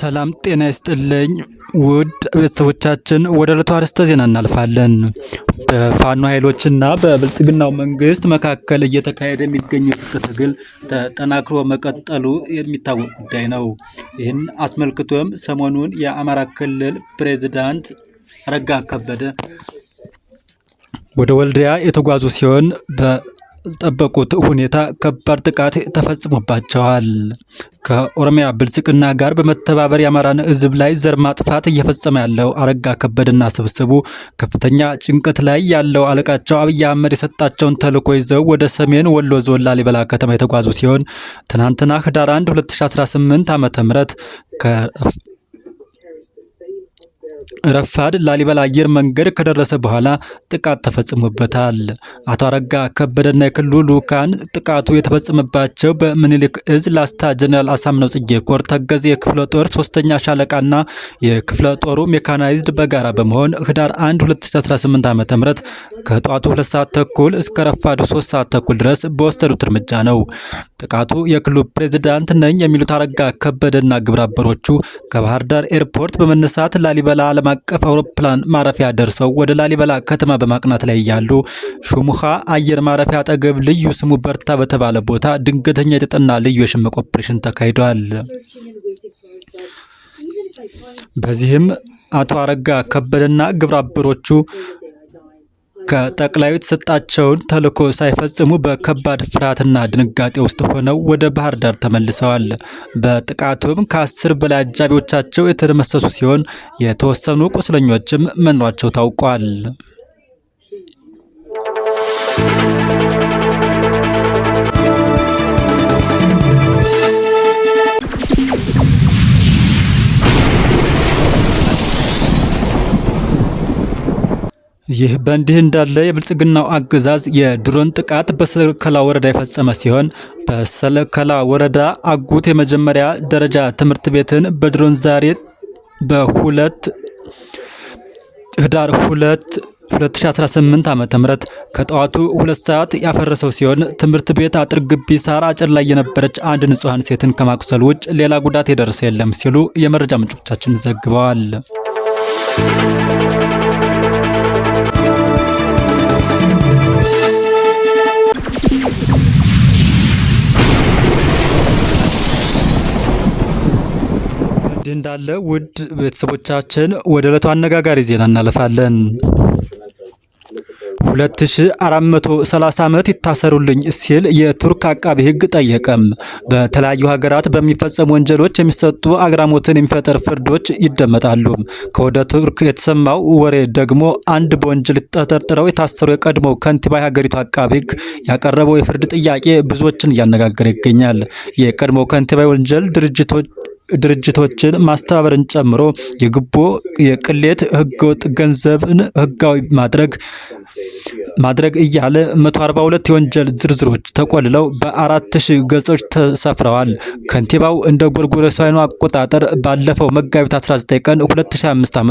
ሰላም ጤና ይስጥልኝ ውድ ቤተሰቦቻችን፣ ወደ ዕለቱ አርዕስተ ዜና እናልፋለን። በፋኖ ኃይሎችና በብልጽግናው መንግስት መካከል እየተካሄደ የሚገኘው ትጥቅ ትግል ተጠናክሮ መቀጠሉ የሚታወቅ ጉዳይ ነው። ይህን አስመልክቶም ሰሞኑን የአማራ ክልል ፕሬዚዳንት አረጋ ከበደ ወደ ወልዲያ የተጓዙ ሲሆን በጠበቁት ሁኔታ ከባድ ጥቃት ተፈጽሞባቸዋል። ከኦሮሚያ ብልጽግና ጋር በመተባበር የአማራን ህዝብ ላይ ዘር ማጥፋት እየፈጸመ ያለው አረጋ ከበደና ስብስቡ ከፍተኛ ጭንቀት ላይ ያለው አለቃቸው አብይ አህመድ የሰጣቸውን ተልዕኮ ይዘው ወደ ሰሜን ወሎ ዞን ላሊበላ ከተማ የተጓዙ ሲሆን ትናንትና ህዳር 1 2018 ዓ.ም ረፋድ ላሊበላ አየር መንገድ ከደረሰ በኋላ ጥቃት ተፈጽሞበታል። አቶ አረጋ ከበደና የክልሉ ልኡካን ጥቃቱ የተፈጸመባቸው በምኒልክ እዝ ላስታ ጀኔራል አሳምነው ጽጌ ኮር ተገዜ የክፍለ ጦር ሶስተኛ ሻለቃና የክፍለ ጦሩ ሜካናይዝድ በጋራ በመሆን ህዳር 1 2018 ዓ ም ከጠዋቱ ሁለት ሰዓት ተኩል እስከ ረፋዱ ሶስት ሰዓት ተኩል ድረስ በወሰዱት እርምጃ ነው። ጥቃቱ የክልሉ ፕሬዚዳንት ነኝ የሚሉት አረጋ ከበደና ግብረ አበሮቹ ከባህር ዳር ኤርፖርት በመነሳት ላሊበላ ዓለም አቀፍ አውሮፕላን ማረፊያ ደርሰው ወደ ላሊበላ ከተማ በማቅናት ላይ እያሉ ሾሙኻ አየር ማረፊያ አጠገብ ልዩ ስሙ በርታ በተባለ ቦታ ድንገተኛ የተጠና ልዩ የሽምቅ ኦፕሬሽን ተካሂዷል። በዚህም አቶ አረጋ ከበደና ግብረ አበሮቹ ከጠቅላዩ የተሰጣቸውን ተልዕኮ ሳይፈጽሙ በከባድ ፍርሃትና ድንጋጤ ውስጥ ሆነው ወደ ባህር ዳር ተመልሰዋል። በጥቃቱም ከአስር በላይ አጃቢዎቻቸው የተደመሰሱ ሲሆን የተወሰኑ ቁስለኞችም መኖራቸው ታውቋል። ይህ በእንዲህ እንዳለ የብልጽግናው አገዛዝ የድሮን ጥቃት በሰለከላ ወረዳ የፈጸመ ሲሆን በሰለከላ ወረዳ አጉት የመጀመሪያ ደረጃ ትምህርት ቤትን በድሮን ዛሬ በሁለት ህዳር 2 2018 ዓ.ም ከጠዋቱ ሁለት ሰዓት ያፈረሰው ሲሆን ትምህርት ቤት አጥር ግቢ ሳር አጭር ላይ የነበረች አንድ ንጹሐን ሴትን ከማቁሰል ውጭ ሌላ ጉዳት የደረሰ የለም ሲሉ የመረጃ ምንጮቻችን ዘግበዋል። እንዲህ እንዳለ ውድ ቤተሰቦቻችን ወደ ዕለቱ አነጋጋሪ ዜና እናልፋለን። 2430 ዓመት ይታሰሩልኝ ሲል የቱርክ አቃቢ ሕግ ጠየቀም። በተለያዩ ሀገራት በሚፈጸሙ ወንጀሎች የሚሰጡ አግራሞትን የሚፈጠር ፍርዶች ይደመጣሉ። ከወደ ቱርክ የተሰማው ወሬ ደግሞ አንድ በወንጀል ተጠርጥረው የታሰሩ የቀድሞ ከንቲባ የሀገሪቱ አቃቢ ሕግ ያቀረበው የፍርድ ጥያቄ ብዙዎችን እያነጋገረ ይገኛል። የቀድሞ ከንቲባ የወንጀል ድርጅቶች ድርጅቶችን ማስተባበርን ጨምሮ የጉቦ የቅሌት፣ ህገወጥ ገንዘብን ህጋዊ ማድረግ ማድረግ እያለ 142 የወንጀል ዝርዝሮች ተቆልለው በአራት ሺህ ገጾች ተሰፍረዋል። ከንቲባው እንደ ጎርጎሮሳውያኑ አቆጣጠር ባለፈው መጋቢት 19 ቀን 2025 ዓ.ም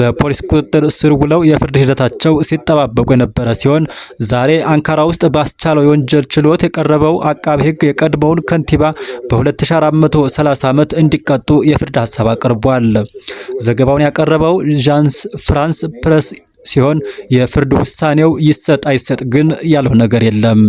በፖሊስ ቁጥጥር ስር ውለው የፍርድ ሂደታቸው ሲጠባበቁ የነበረ ሲሆን ዛሬ አንካራ ውስጥ ባስቻለው የወንጀል ችሎት የቀረበው አቃብ ሕግ የቀድሞውን ከንቲባ በ2430 ዓመት እንዲቀጡ የፍርድ ሀሳብ አቅርቧል። ዘገባውን ያቀረበው ዣንስ ፍራንስ ፕረስ ሲሆን የፍርድ ውሳኔው ይሰጥ አይሰጥ ግን ያለው ነገር የለም።